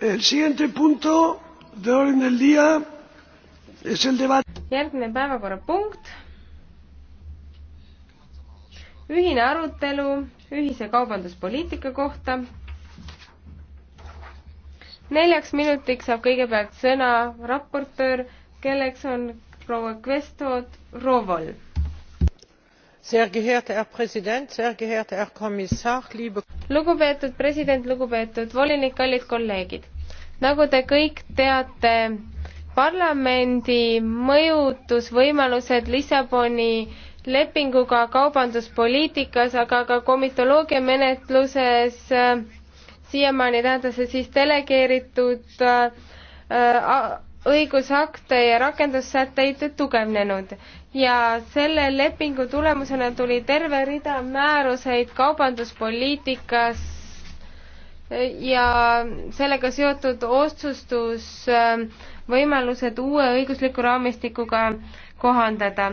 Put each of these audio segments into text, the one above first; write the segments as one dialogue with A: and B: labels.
A: El siguiente punto de orden del día
B: es el debate. järgmine päevakorrapunkt. ühine arutelu ühise kaubanduspoliitika kohta. neljaks minutiks saab kõigepealt sõna raportöör, kelleks on proua Kvesto Rovol. Sehr geehrter Herr Präsident, sehr geehrter Herr Kommissar, liebe lugupeetud president, lugupeetud volinik, kallid kolleegid. nagu te kõik teate, parlamendi mõjutusvõimalused Lissaboni lepinguga kaubanduspoliitikas, aga ka komitoloogia menetluses äh, siiamaani tähendas see siis delegeeritud äh, äh õigusakte ja rakendussätteid tugevnenud ja selle lepingu tulemusena tuli terve rida määruseid kaubanduspoliitikas ja sellega seotud otsustusvõimalused ähm, uue õigusliku raamistikuga kohandada.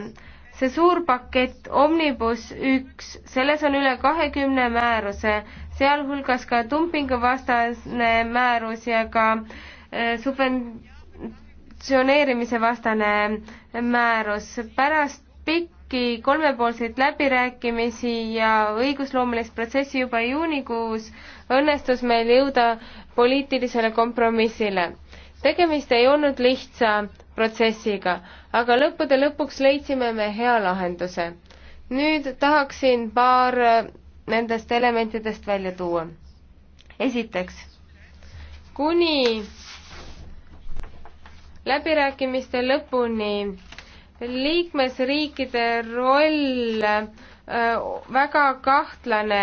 B: see suur pakett Omnibus üks, selles on üle kahekümne määruse, sealhulgas ka dumpinguvastane määrus ja ka äh, subvent-, sanktsioneerimise vastane määrus. pärast pikki kolmepoolseid läbirääkimisi ja õigusloomelist protsessi juba juunikuus õnnestus meil jõuda poliitilisele kompromissile. tegemist ei olnud lihtsa protsessiga, aga lõppude lõpuks leidsime me hea lahenduse. nüüd tahaksin paar nendest elementidest välja tuua. esiteks, kuni läbirääkimiste lõpuni. liikmesriikide roll väga kahtlane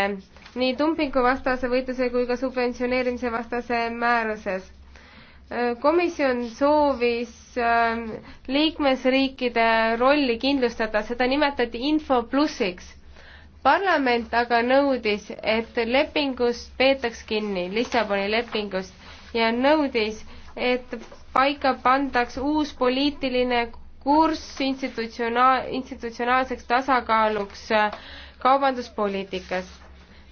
B: nii dumpinguvastase võitluse kui ka subventioneerimise vastase määruses. komisjon soovis liikmesriikide rolli kindlustada, seda nimetati info plussiks. parlament aga nõudis, et lepingust peetaks kinni, Lissaboni lepingust, ja nõudis, et paika pandaks uus poliitiline kurss institutsionaal, institutsionaalseks tasakaaluks äh, kaubanduspoliitikas.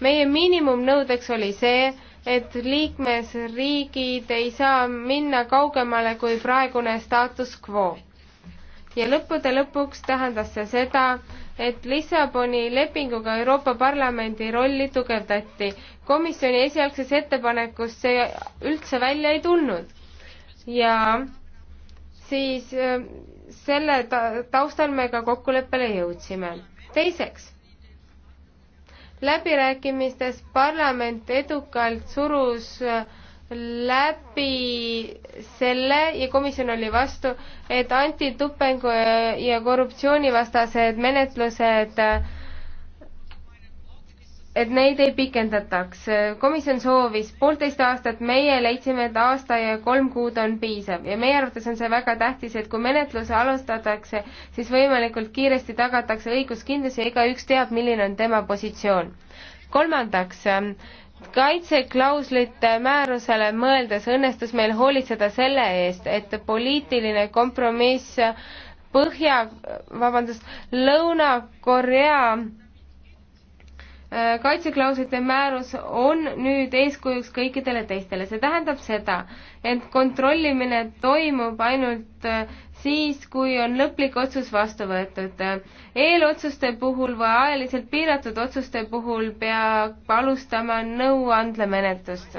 B: meie miinimumnõudeks oli see, et liikmesriigid ei saa minna kaugemale kui praegune status quo. ja lõppude lõpuks tähendas see seda, et Lissaboni lepinguga Euroopa Parlamendi rolli tugevdati. komisjoni esialgsest ettepanekust see üldse välja ei tulnud ja siis äh, selle taustal me ka kokkuleppele jõudsime. teiseks, läbirääkimistes parlament edukalt surus äh, läbi selle ja komisjon oli vastu, et antitupengu ja korruptsioonivastased menetlused äh, et neid ei pikendataks. komisjon soovis poolteist aastat, meie leidsime, et aasta ja kolm kuud on piisav ja meie arvates on see väga tähtis, et kui menetlus alustatakse, siis võimalikult kiiresti tagatakse õiguskindlus ja igaüks teab, milline on tema positsioon. kolmandaks, kaitseklauslite määrusele mõeldes õnnestus meil hoolitseda selle eest, et poliitiline kompromiss Põhja, vabandust, Lõuna-Korea kaitseklauslite määrus on nüüd eeskujuks kõikidele teistele, see tähendab seda, et kontrollimine toimub ainult äh, siis, kui on lõplik otsus vastu võetud. eelotsuste puhul või ajaliselt piiratud otsuste puhul peab alustama nõuandlemenetlust.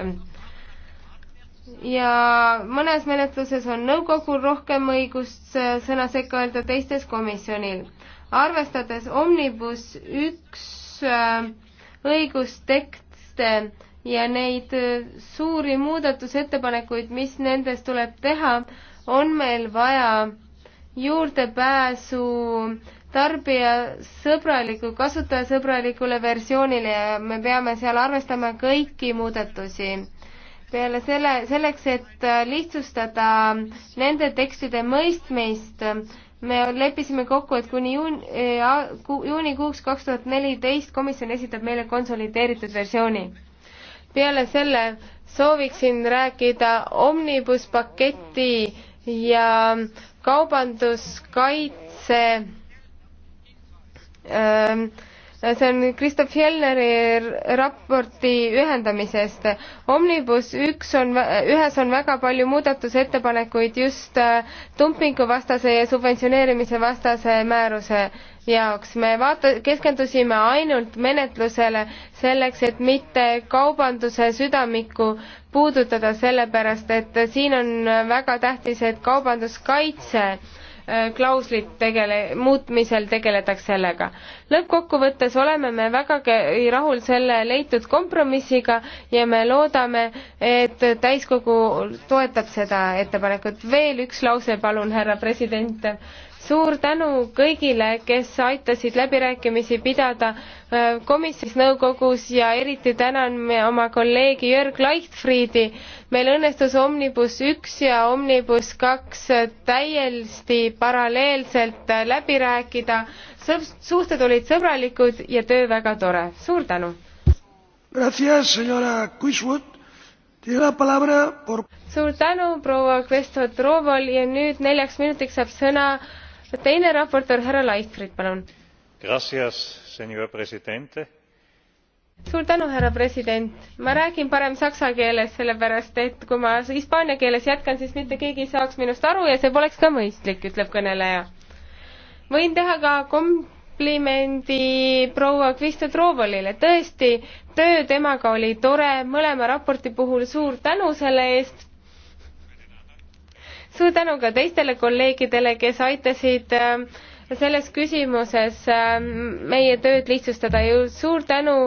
B: ja mõnes menetluses on nõukogul rohkem õigust äh, sõna sekka öelda, teistes komisjonil. arvestades Omnibus üks õigustekste ja neid äh, suuri muudatusettepanekuid, mis nendes tuleb teha, on meil vaja juurdepääsu tarbijasõbraliku, kasutajasõbralikule versioonile ja me peame seal arvestama kõiki muudatusi. peale selle, selleks, et äh, lihtsustada nende tekstide mõistmist, me leppisime kokku, et kuni juun-, eh, juunikuuks kaks tuhat neliteist komisjon esitab meile konsolideeritud versiooni. peale selle sooviksin rääkida Omnibus paketi ja kaubanduskaitse ähm, see on Kristof Jelleri raporti ühendamisest. Omnibus üks on, ühes on väga palju muudatusettepanekuid just äh, dumpinguvastase ja subventioneerimise vastase määruse jaoks. me vaata-, keskendusime ainult menetlusele selleks, et mitte kaubanduse südamikku puudutada, sellepärast et siin on väga tähtis, et kaubanduskaitse Äh, klauslit tegele-, muutmisel tegeledaks sellega. lõppkokkuvõttes oleme me vägagi rahul selle leitud kompromissiga ja me loodame, et täiskogu toetab seda ettepanekut. veel üks lause, palun, härra president suur tänu kõigile, kes aitasid läbirääkimisi pidada äh, komisjonis, nõukogus ja eriti tänan oma kolleegi Jörg Leichtfriedi. meil õnnestus Omnibus üks ja Omnibus kaks täiesti paralleelselt läbi rääkida. suhted olid sõbralikud ja töö väga tore. suur tänu! Por... suur tänu, proua Kvestot Roovol ja nüüd neljaks minutiks saab sõna teine raportöör härra Leichtfried, palun. suur tänu, härra president. ma räägin parem saksa keeles, sellepärast et kui ma hispaania keeles jätkan, siis mitte keegi ei saaks minust aru ja see poleks ka mõistlik, ütleb kõneleja. võin teha ka komplimendi proua Kristo Troovolile. tõesti, töö temaga oli tore, mõlema raporti puhul suur tänu selle eest suur tänu ka teistele kolleegidele, kes aitasid äh, selles küsimuses äh, meie tööd lihtsustada ja suur tänu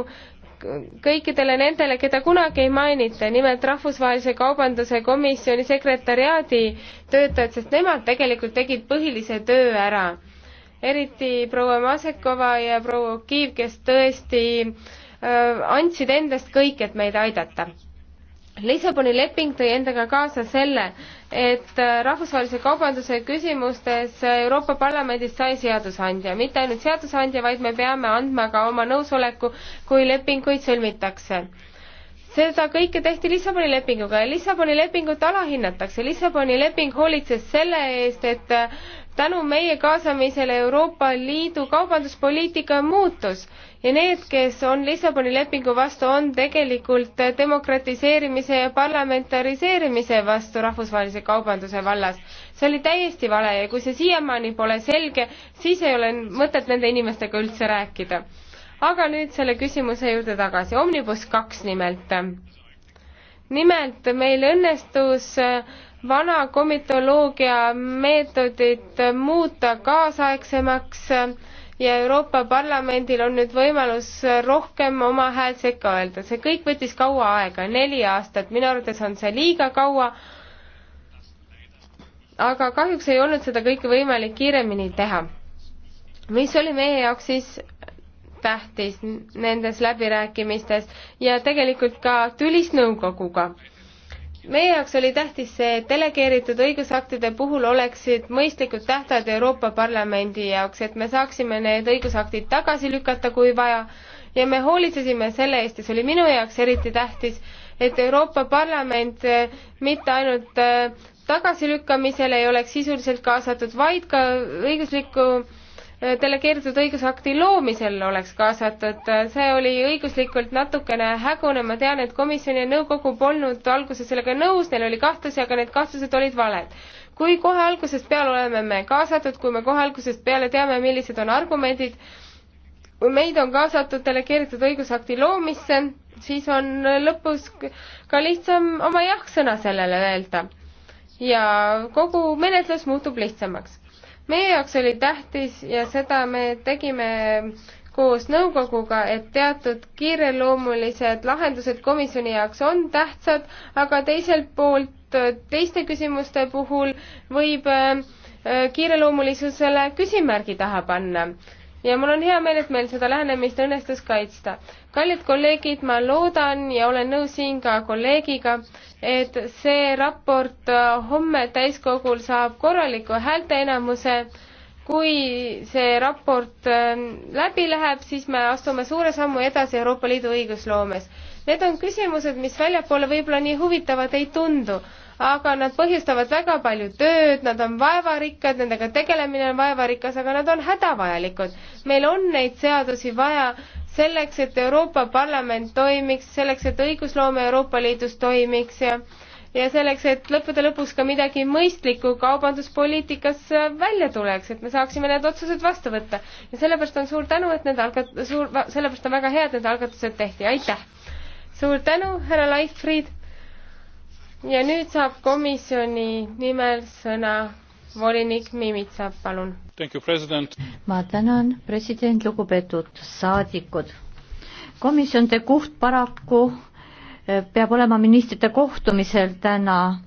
B: kõikidele nendele, keda kunagi ei mainita, nimelt Rahvusvahelise Kaubanduse Komisjoni sekretariaadi töötajad, sest nemad tegelikult tegid põhilise töö ära. eriti proua Masekova ja proua Kiiv, kes tõesti äh, andsid endast kõik, et meid aidata. Lissaboni leping tõi endaga kaasa selle, et äh, rahvusvahelise kaubanduse küsimustes Euroopa Parlamendist sai seadusandja, mitte ainult seadusandja, vaid me peame andma ka oma nõusoleku, kui lepinguid sõlmitakse. seda kõike tehti Lissaboni lepinguga ja Lissaboni lepingut alahinnatakse. Lissaboni leping hoolitses selle eest, et tänu meie kaasamisele Euroopa Liidu kaubanduspoliitika muutus ja need, kes on Lissaboni lepingu vastu, on tegelikult demokratiseerimise ja parlamentariseerimise vastu rahvusvahelise kaubanduse vallas. see oli täiesti vale ja kui see siiamaani pole selge, siis ei ole mõtet nende inimestega üldse rääkida. aga nüüd selle küsimuse juurde tagasi, Omnibus kaks nimelt. nimelt meil õnnestus äh, vana komitoloogia meetodit muuta kaasaegsemaks ja Euroopa Parlamendil on nüüd võimalus rohkem oma häält sekka öelda. see kõik võttis kaua aega, neli aastat, minu arvates on see liiga kaua, aga kahjuks ei olnud seda kõike võimalik kiiremini teha. mis oli meie jaoks siis tähtis nendes läbirääkimistes ja tegelikult ka tülis nõukoguga meie jaoks oli tähtis see, et delegeeritud õigusaktide puhul oleksid mõistlikud tähtajad Euroopa Parlamendi jaoks, et me saaksime need õigusaktid tagasi lükata, kui vaja, ja me hoolitsesime selle eest ja see oli minu jaoks eriti tähtis, et Euroopa Parlament eh, mitte ainult eh, tagasilükkamisel ei oleks sisuliselt kaasatud, vaid ka õigusliku delegeeritud õigusakti loomisel oleks kaasatud. see oli õiguslikult natukene hägune, ma tean, et komisjon ja nõukogu polnud alguses sellega nõus, neil oli kahtlusi, aga need kahtlused olid valed. kui kohe algusest peale oleme me kaasatud, kui me kohe algusest peale teame, millised on argumendid, kui meid on kaasatud delegeeritud õigusakti loomisse, siis on lõpus ka lihtsam oma jah-sõna sellele öelda. ja kogu menetlus muutub lihtsamaks meie jaoks oli tähtis ja seda me tegime koos nõukoguga, et teatud kiireloomulised lahendused komisjoni jaoks on tähtsad, aga teiselt poolt äh, teiste küsimuste puhul võib äh, äh, kiireloomulisusele küsimärgi taha panna ja mul on hea meel, et meil seda lähenemist õnnestus kaitsta. kallid kolleegid, ma loodan ja olen nõus siin ka kolleegiga, et see raport äh, homme täiskogul saab korraliku häälteenamuse. kui see raport äh, läbi läheb, siis me astume suure sammu edasi Euroopa Liidu õigusloomes. Need on küsimused, mis väljapoole võib-olla nii huvitavad ei tundu aga nad põhjustavad väga palju tööd, nad on vaevarikkad, nendega tegelemine on vaevarikas, aga nad on hädavajalikud. meil on neid seadusi vaja selleks, et Euroopa Parlament toimiks, selleks, et õigusloome Euroopa Liidus toimiks ja ja selleks, et lõppude lõpuks ka midagi mõistlikku kaubanduspoliitikas välja tuleks, et me saaksime need otsused vastu võtta. ja sellepärast on suur tänu, et need algat-, suur, sellepärast on väga hea, et need algatused tehti, aitäh! suur tänu, härra Leifrid! ja nüüd saab komisjoni nimel sõna volinik Mimitsa, palun.
C: ma tänan, president, lugupeetud saadikud. komisjon teeb kuht paraku, eh, peab olema ministrite kohtumisel täna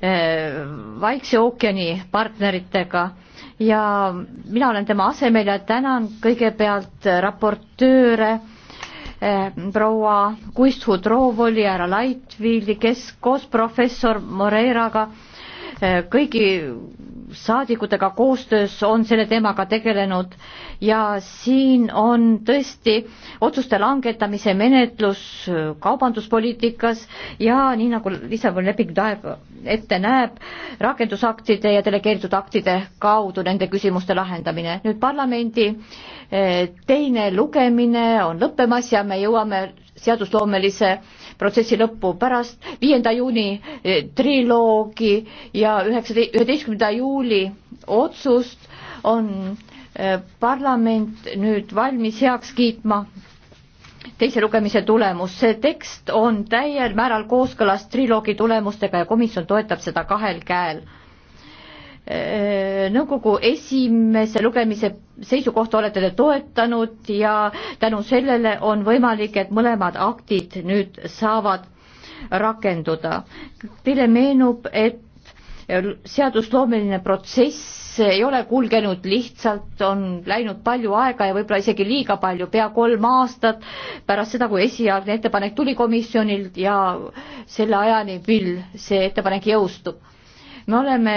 C: eh, Vaikse ookeani partneritega ja mina olen tema asemel ja tänan kõigepealt raportööre Eh, proua Kuisthu Troovooli, härra Laitvildi, kes koos professor Moreiraga äh, Äh, kõigi saadikutega koostöös on selle teemaga tegelenud ja siin on tõesti otsuste langetamise menetlus kaubanduspoliitikas ja nii nagu Lissaboni leping ette näeb, rakendusaktide ja delegeeritud aktide kaudu nende küsimuste lahendamine. nüüd parlamendi äh, teine lugemine on lõppemas ja me jõuame seadusloomelise protsessi lõppu pärast viienda juuni eh, triloogi ja üheksateist, üheteistkümnenda juuli otsust on eh, parlament nüüd valmis heaks kiitma teise lugemise tulemus. see tekst on täiel määral kooskõlas triloogi tulemustega ja komisjon toetab seda kahel käel Äh, nõukogu esimese lugemise seisukohta olete te toetanud ja tänu sellele on võimalik, et mõlemad aktid nüüd saavad rakenduda. Teile meenub, et seadusloomeline protsess ei ole kulgenud lihtsalt, on läinud palju aega ja võib-olla isegi liiga palju, pea kolm aastat pärast seda, kui esialgne ettepanek tuli komisjonilt ja selle ajani, mil see ettepanek jõustub me oleme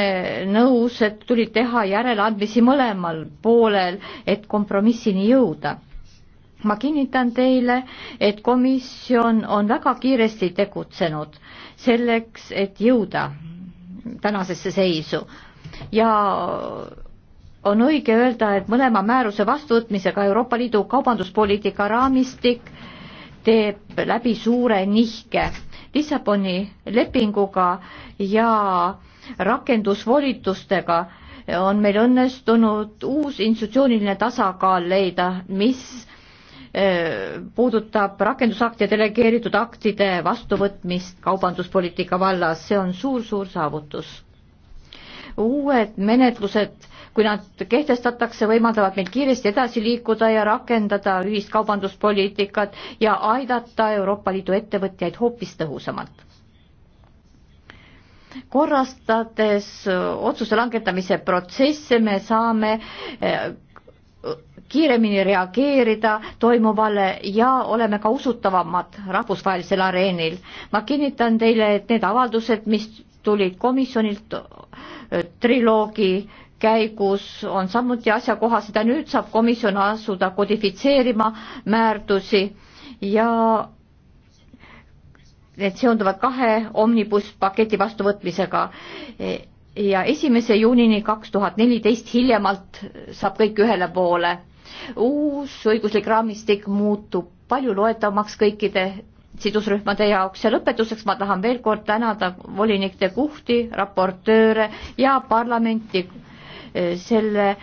C: nõus, et tuli teha järeleandmisi mõlemal poolel, et kompromissini jõuda. ma kinnitan teile, et komisjon on väga kiiresti tegutsenud selleks, et jõuda tänasesse seisu ja on õige öelda, et mõlema määruse vastuvõtmisega Euroopa Liidu kaubanduspoliitika raamistik teeb läbi suure nihke Lissaboni lepinguga ja rakendusvolitustega on meil õnnestunud uus institutsiooniline tasakaal leida, mis äh, puudutab rakendusakti ja delegeeritud aktide vastuvõtmist kaubanduspoliitika vallas, see on suur-suur saavutus. uued menetlused, kui nad kehtestatakse, võimaldavad meil kiiresti edasi liikuda ja rakendada ühist kaubanduspoliitikat ja aidata Euroopa Liidu ettevõtjaid hoopis tõhusamalt korrastades otsuse langetamise protsesse me saame eh, kiiremini reageerida toimuvale ja oleme ka usutavamad rahvusvahelisel areenil. ma kinnitan teile, et need avaldused, mis tulid komisjonilt eh, triloogi käigus on samuti asjakohased ja nüüd saab komisjon asuda kodifitseerima määrdusi ja need seonduvad kahe omnibus paketi vastuvõtmisega ja esimese juunini kaks tuhat neliteist hiljemalt saab kõik ühele poole. uus õiguslik raamistik muutub palju loetavamaks kõikide sidusrühmade jaoks ja lõpetuseks ma tahan veel kord tänada volinik de Guhti, raportööre ja parlamenti selle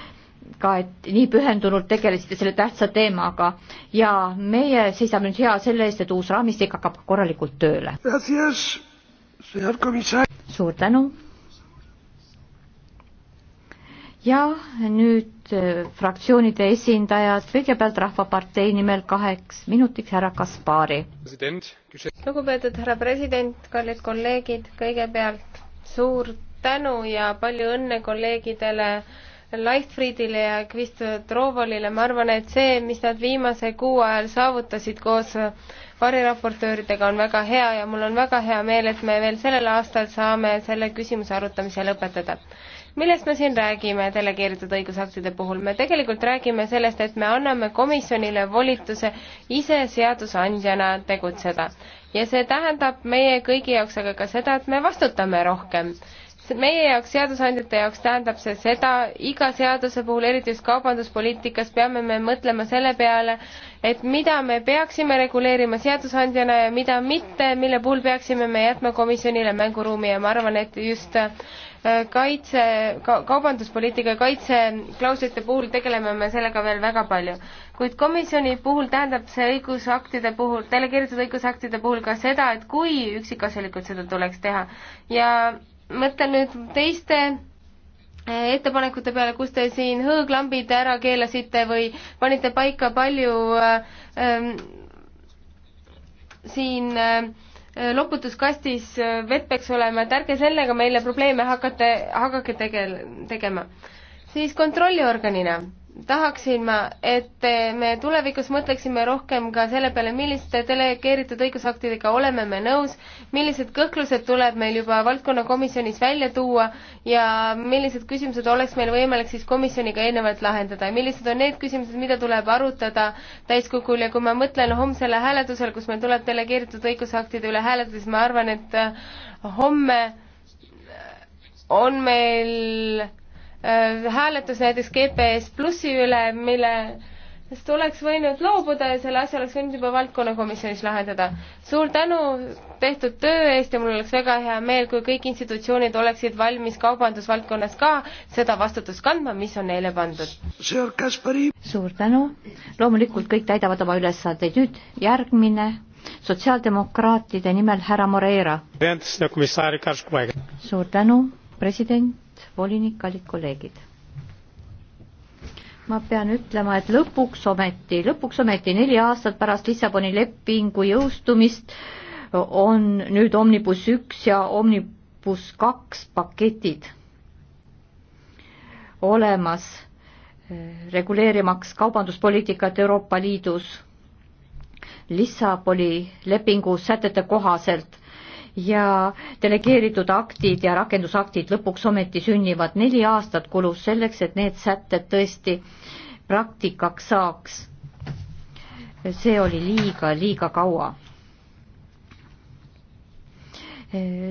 C: ka, et nii pühendunult tegelesite selle tähtsa teemaga ja meie seisame nüüd hea selle eest, et uus raamistik hakkab korralikult tööle. suur tänu. ja nüüd äh, fraktsioonide esindajad, kõigepealt Rahvapartei nimel kaheks minutiks härra Kaspari.
B: lugupeetud härra president, kallid kolleegid, kõigepealt suur tänu ja palju õnne kolleegidele Leichtfriedile ja Kvist Troovolile, ma arvan, et see, mis nad viimase kuu ajal saavutasid koos äh, variraportööridega, on väga hea ja mul on väga hea meel, et me veel sellel aastal saame selle küsimuse arutamise lõpetada. millest me siin räägime delegeeritud õigusaktide puhul? me tegelikult räägime sellest, et me anname komisjonile volituse ise seadusandjana tegutseda ja see tähendab meie kõigi jaoks aga ka seda, et me vastutame rohkem meie jaoks, seadusandjate jaoks tähendab see seda, iga seaduse puhul, eriti just kaubanduspoliitikas, peame me mõtlema selle peale, et mida me peaksime reguleerima seadusandjana ja mida mitte, mille puhul peaksime me jätma komisjonile mänguruumi ja ma arvan, et just äh, kaitse ka,, kaubanduspoliitika ja kaitseklauslite puhul tegeleme me sellega veel väga palju. kuid komisjoni puhul tähendab see õigusaktide puhul, delegeeritud õigusaktide puhul ka seda, et kui üksikasjalikult seda tuleks teha ja mõtlen nüüd teiste eh, ettepanekute peale, kus te siin hõõglambid ära keelasite või panite paika palju ähm, siin äh, loputuskastis vett peaks olema, et ärge sellega meile probleeme hakata, hakake tegel-, tegema. siis kontrolliorganina tahaksin ma, et me tulevikus mõtleksime rohkem ka selle peale, milliste delegeeritud õigusaktidega oleme me nõus, millised kõhklused tuleb meil juba valdkonnakomisjonis välja tuua ja millised küsimused oleks meil võimalik siis komisjoniga eelnevalt lahendada ja millised on need küsimused, mida tuleb arutada täiskogul ja kui ma mõtlen homsele hääletusele, kus meil tuleb delegeeritud õigusaktide üle hääletada, siis ma arvan, et homme on meil Äh, hääletus näiteks GPS Plussi üle, millest oleks võinud loobuda ja selle asja oleks võinud juba valdkonnakomisjonis lahendada. suur tänu tehtud töö eest ja mul oleks väga hea meel, kui kõik institutsioonid oleksid valmis kaubandusvaldkonnas ka seda vastutust kandma, mis on neile pandud.
C: suur tänu, loomulikult kõik täidavad oma ülesandeid, nüüd järgmine sotsiaaldemokraatide nimel härra Moreira. suur tänu, president volinik, kallid kolleegid. ma pean ütlema, et lõpuks ometi, lõpuks ometi neli aastat pärast Lissaboni lepingu jõustumist on nüüd Omnibus üks ja Omnibus kaks paketid olemas, eh, reguleerimaks kaubanduspoliitikat Euroopa Liidus Lissaboni lepingu sätete kohaselt ja delegeeritud aktid ja rakendusaktid lõpuks ometi sünnivad. neli aastat kulus selleks, et need sätted tõesti praktikaks saaks. see oli liiga, liiga kaua.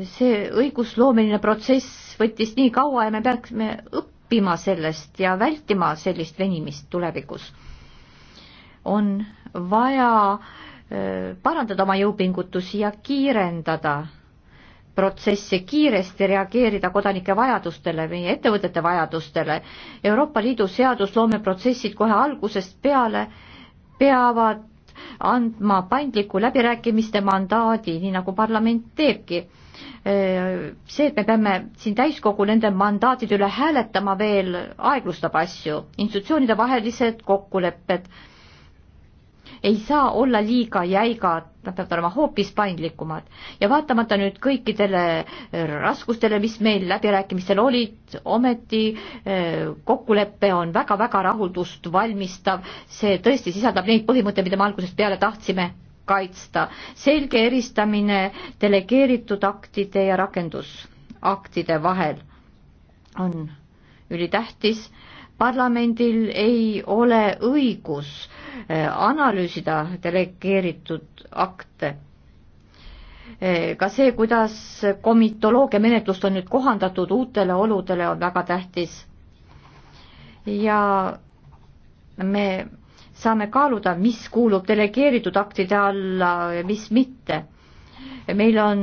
C: see õigusloomeline protsess võttis nii kaua ja me peaksime õppima sellest ja vältima sellist venimist tulevikus. on vaja äh, parandada oma jõupingutusi ja kiirendada protsessi, kiiresti reageerida kodanike vajadustele, meie ettevõtete vajadustele. Euroopa Liidu seadusloomeprotsessid kohe algusest peale peavad andma paindliku läbirääkimiste mandaadi, nii nagu parlament teebki. see, et me peame siin täiskogu nende mandaatide üle hääletama veel, aeglustab asju. institutsioonide vahelised kokkulepped ei saa olla liiga jäigad, nad peavad olema hoopis paindlikumad. ja vaatamata nüüd kõikidele äh, raskustele, mis meil läbirääkimistel olid, ometi äh, kokkulepe on väga-väga rahuldust valmistav, see tõesti sisaldab neid põhimõtteid, mida me algusest peale tahtsime kaitsta. selge eristamine delegeeritud aktide ja rakendusaktide vahel on ülitähtis parlamendil ei ole õigus eh, analüüsida delegeeritud akte. Eh, ka see, kuidas komitoloogia menetlust on nüüd kohandatud uutele oludele, on väga tähtis. ja me saame kaaluda, mis kuulub delegeeritud aktide alla ja mis mitte. meil on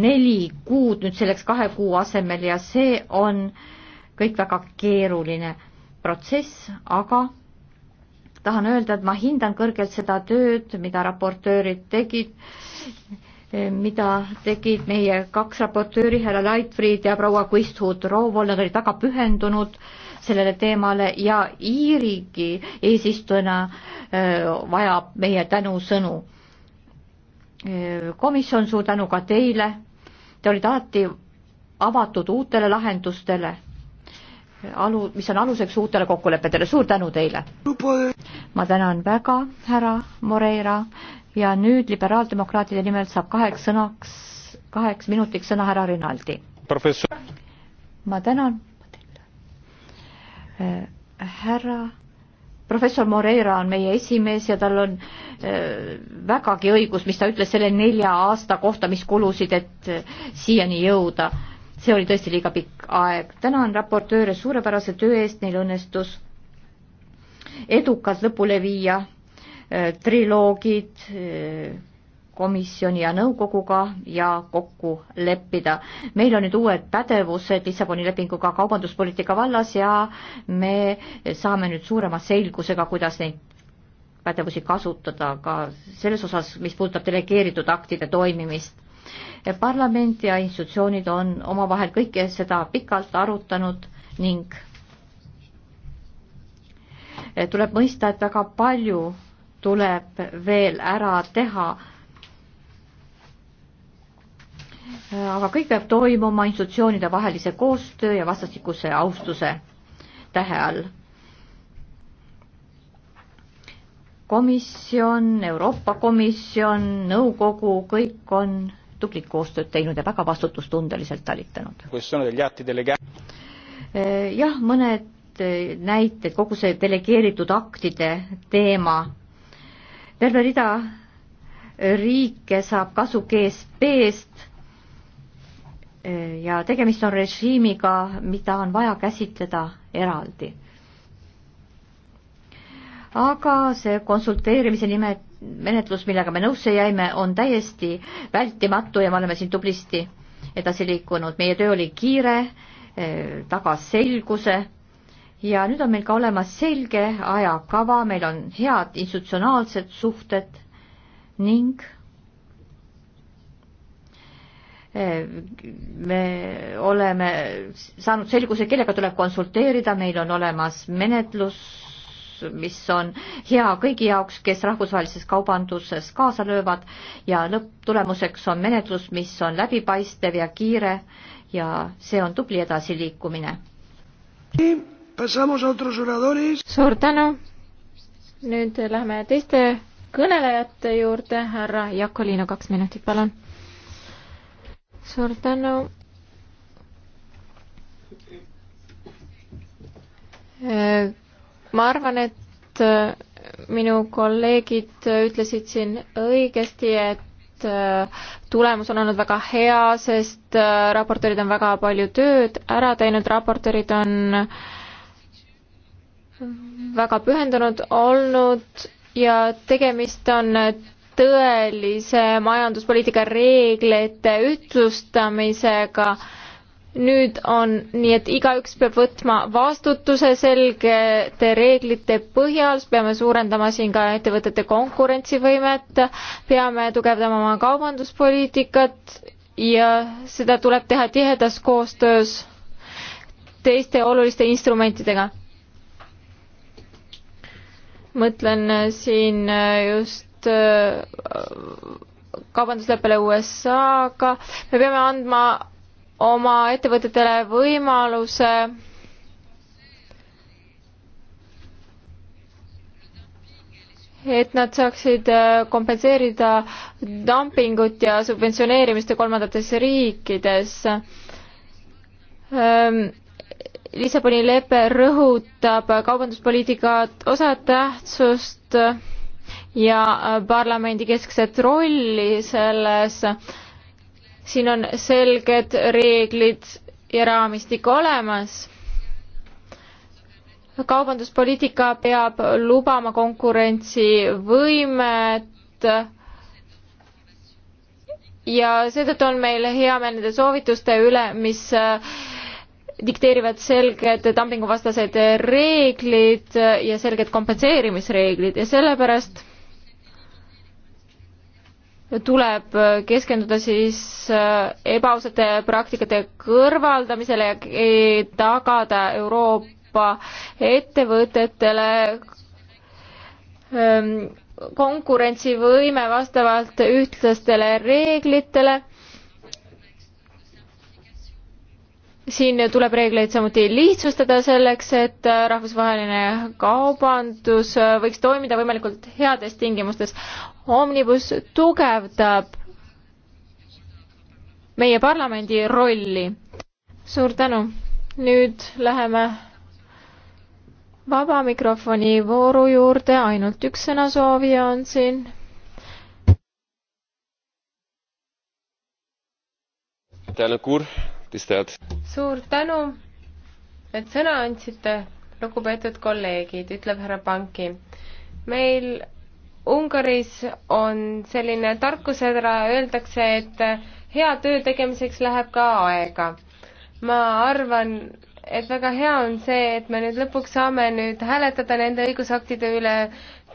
C: neli kuud nüüd selleks kahe kuu asemel ja see on kõik väga keeruline protsess, aga tahan öelda, et ma hindan kõrgelt seda tööd, mida raportöörid tegid, mida tegid meie kaks raportööri, härra Leitfried ja proua Quisthut Roovol, nad olid väga pühendunud sellele teemale ja Iirigi eesistujana äh, vajab meie tänusõnu. Äh, komisjon, suur tänu ka teile, te olite alati avatud uutele lahendustele alu, mis on aluseks uutele kokkulepetele, suur tänu teile! ma tänan väga, härra Moreira, ja nüüd liberaaldemokraatide nimel saab kaheks sõnaks, kaheks minutiks sõna härra Rinaldi. ma tänan, äh, härra professor Moreira on meie esimees ja tal on äh, vägagi õigus, mis ta ütles selle nelja aasta kohta, mis kulusid, et äh, siiani jõuda äh, see oli tõesti liiga pikk aeg. tänan raportööre suurepärase töö eest, neil õnnestus edukalt lõpule viia äh, triloogid äh, komisjoni ja nõukoguga ja kokku leppida. meil on nüüd uued pädevused Lissaboni lepinguga kaubanduspoliitika vallas ja me saame nüüd suurema selgusega, kuidas neid pädevusi kasutada ka selles osas, mis puudutab delegeeritud aktide toimimist parlament ja institutsioonid on omavahel kõike seda pikalt arutanud ning tuleb mõista, et väga palju tuleb veel ära teha. aga kõik peab toimuma institutsioonide vahelise koostöö ja vastastikuse austuse tähe all. komisjon, Euroopa Komisjon, nõukogu, kõik on tublit koostööd teinud ja väga vastutustundeliselt talitanud. jah, mõned eh, näited, kogu see delegeeritud aktide teema, terve rida riike saab kasu GSP-st eh, ja tegemist on režiimiga, mida on vaja käsitleda eraldi. aga see konsulteerimise nimet-, menetlus, millega me nõusse jäime, on täiesti vältimatu ja me oleme siin tublisti edasi liikunud, meie töö oli kiire, eh, tagas selguse ja nüüd on meil ka olemas selge ajakava, meil on head institutsionaalsed suhted ning eh, me oleme saanud selguse, kellega tuleb konsulteerida, meil on olemas menetlus, mis on hea kõigi jaoks, kes rahvusvahelises kaubanduses kaasa löövad ja lõpptulemuseks on menetlus, mis on läbipaistev ja kiire ja see on tubli edasiliikumine.
D: suur tänu. nüüd läheme teiste kõnelejate juurde, härra Jakolino, kaks minutit, palun. suur tänu äh, ma arvan, et äh, minu kolleegid ütlesid siin õigesti, et äh, tulemus on olnud väga hea, sest äh, raportöörid on väga palju tööd ära teinud, raportöörid on väga pühendunud olnud ja tegemist on tõelise majanduspoliitika reeglite ühtlustamisega äh, nüüd on nii, et igaüks peab võtma vastutuse selgete reeglite põhjal, peame suurendama siin ka ettevõtete konkurentsivõimet, peame tugevdama oma kaubanduspoliitikat ja seda tuleb teha tihedas koostöös teiste oluliste instrumentidega. mõtlen siin just äh, kaubandusleppele USA-ga, me peame andma oma ettevõtetele võimaluse et nad saaksid äh, kompenseerida dumpingut ja subventsioneerimist kolmandates riikides. Ähm, Lissaboni lepe rõhutab kaubanduspoliitika osatähtsust ja äh, parlamendi keskset rolli selles äh, siin on selged reeglid ja raamistik olemas. kaubanduspoliitika peab lubama konkurentsivõimet ja seetõttu on meil hea meel nende soovituste üle, mis äh, dikteerivad selged dumpinguvastased reeglid ja selged kompenseerimisreeglid ja sellepärast tuleb äh, keskenduda siis äh, ebaausate praktikate kõrvaldamisele ja e, tagada Euroopa ettevõtetele ähm, konkurentsivõime vastavalt ühtlastele reeglitele. siin tuleb reegleid samuti lihtsustada selleks, et äh, rahvusvaheline kaubandus võiks toimida võimalikult heades tingimustes. Omnibus tugevdab meie parlamendi rolli. suur tänu. nüüd läheme vaba mikrofoni vooru juurde, ainult üks sõnasoovija on siin.
B: suur tänu, et sõna andsite, lugupeetud kolleegid, ütleb härra Panki. meil Ungaris on selline tarkusetera, öeldakse, et hea töö tegemiseks läheb ka aega. ma arvan, et väga hea on see, et me nüüd lõpuks saame nüüd hääletada nende õigusaktide üle.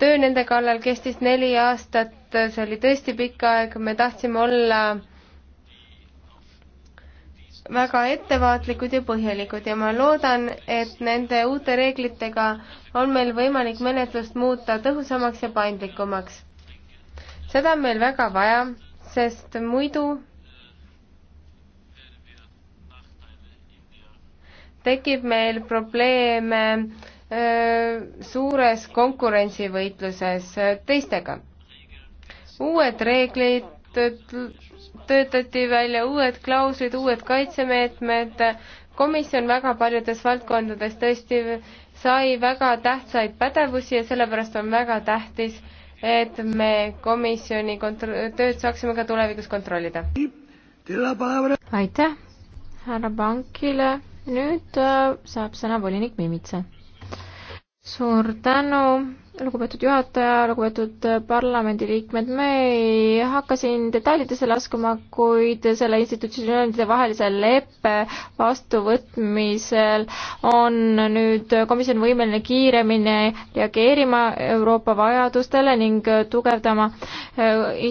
B: töö nende kallal kestis neli aastat, see oli tõesti pikk aeg, me tahtsime olla väga ettevaatlikud ja põhjalikud ja ma loodan, et nende uute reeglitega on meil võimalik menetlust muuta tõhusamaks ja paindlikumaks. seda on meil väga vaja, sest muidu tekib meil probleeme öö, suures konkurentsivõitluses teistega. uued reeglid töötati välja uued klauslid, uued kaitsemeetmed, komisjon väga paljudes valdkondades tõesti sai väga tähtsaid pädevusi ja sellepärast on väga tähtis, et me komisjoni kontro-, tööd saaksime ka tulevikus kontrollida.
D: aitäh härra Pankile, nüüd äh, saab sõna volinik Mimitsa suur tänu, lugupeetud juhataja, lugupeetud parlamendiliikmed, me ei hakka siin detailidesse laskuma, kuid selle institutsioonide vahelise leppe vastuvõtmisel on nüüd komisjon võimeline kiiremini reageerima Euroopa vajadustele ning tugevdama äh,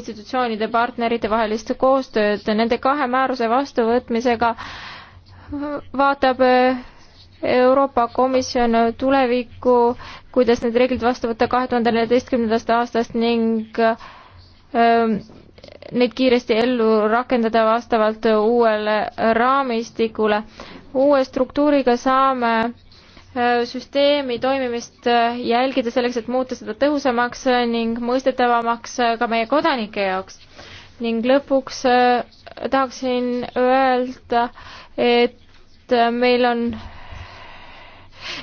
D: institutsioonide partnerite vahelist koostööd. Nende kahe määruse vastuvõtmisega vaatab äh, Euroopa Komisjon tulevikku, kuidas need reeglid vastu võtta kahe tuhande neljateistkümnendast aastast ning öö, ähm, neid kiiresti ellu rakendada vastavalt uuele raamistikule. uue struktuuriga saame äh, süsteemi toimimist äh, jälgida selleks, et muuta seda tõhusamaks äh, ning mõistetavamaks ka meie kodanike jaoks. ning lõpuks tahaksin öelda, et meil on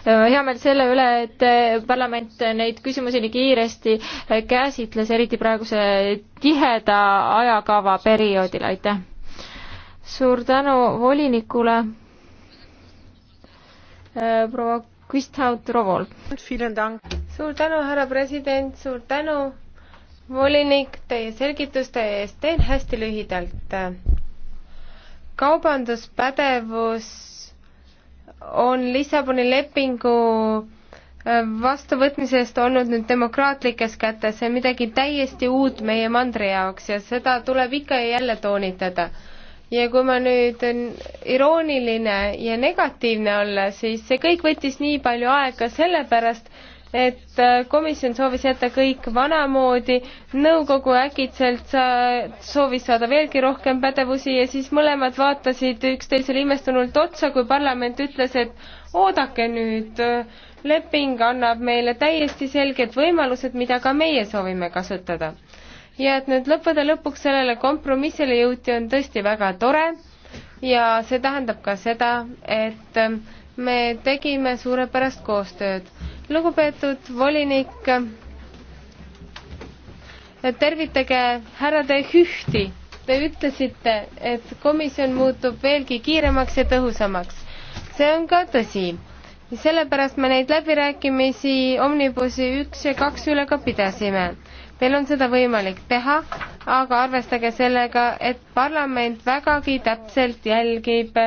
D: Äh, hea meel selle üle, et äh, parlament neid küsimusi nii kiiresti äh, käsitles, eriti praeguse tiheda ajakava perioodil, aitäh! suur tänu volinikule, proua Kvisthaut Rovol.
B: suur tänu, härra president, suur tänu, volinik, teie selgituste eest, teen hästi lühidalt. kaubanduspädevus on Lissaboni lepingu äh, vastuvõtmisest olnud nüüd demokraatlikes kätes, see on midagi täiesti uut meie mandri jaoks ja seda tuleb ikka ja jälle toonitada. ja kui ma nüüd irooniline ja negatiivne olla, siis see kõik võttis nii palju aega sellepärast, et äh, komisjon soovis jätta kõik vanamoodi, nõukogu äkitselt sa-, soovis saada veelgi rohkem pädevusi ja siis mõlemad vaatasid üksteisele imestunult otsa, kui parlament ütles, et oodake nüüd, leping annab meile täiesti selged võimalused, mida ka meie soovime kasutada. ja et nüüd lõppude lõpuks sellele kompromissile jõuti, on tõesti väga tore ja see tähendab ka seda, et me tegime suurepärast koostööd. lugupeetud volinik, tervitage härra De Hühti. Te ütlesite, et komisjon muutub veelgi kiiremaks ja tõhusamaks. see on ka tõsi sellepärast me neid läbirääkimisi Omnibusi üks ja kaks üle ka pidasime. Teil on seda võimalik teha, aga arvestage sellega, et parlament vägagi täpselt jälgib,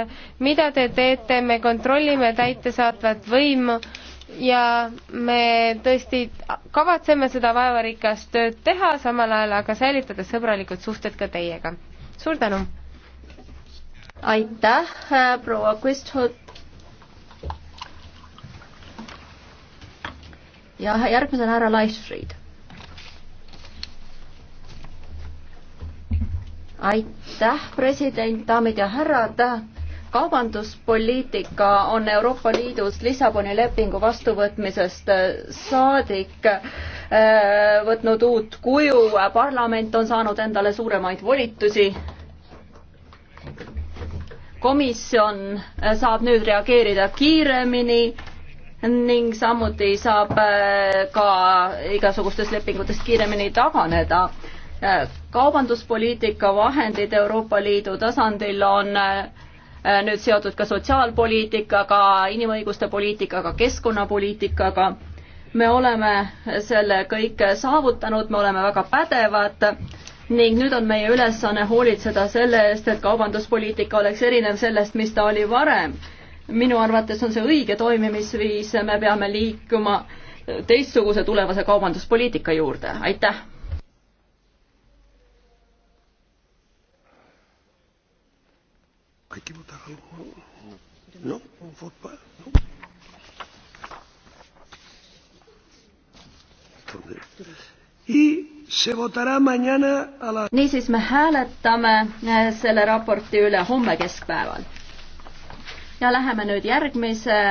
B: mida te teete, me kontrollime täitesaatvat võimu ja me tõesti kavatseme seda vaevarikast tööd teha, samal ajal aga säilitades sõbralikud suhted ka teiega. suur tänu! aitäh, proua Quisthut!
A: ja järgmisena härra Laisfried. aitäh, president, daamid ja härrad. kaubanduspoliitika on Euroopa Liidus Lissaboni lepingu vastuvõtmisest saadik äh, võtnud uut kuju, parlament on saanud endale suuremaid volitusi komisjon saab nüüd reageerida kiiremini ning samuti saab äh, ka igasugustest lepingutest kiiremini taganeda. Äh, kaubanduspoliitika vahendid Euroopa Liidu tasandil on äh, nüüd seotud ka sotsiaalpoliitikaga, inimõiguste poliitikaga, keskkonnapoliitikaga. me oleme selle kõik saavutanud, me oleme väga pädevad ning nüüd on meie ülesanne hoolitseda selle eest, et kaubanduspoliitika oleks erinev sellest, mis ta oli varem minu arvates on see õige toimimisviis, me peame liikuma teistsuguse tulevase kaubanduspoliitika juurde, aitäh. kõiki võtta algu. noh, vot pa- no.. niisiis, me hääletame selle raporti üle homme keskpäeval ja läheme nüüd järgmise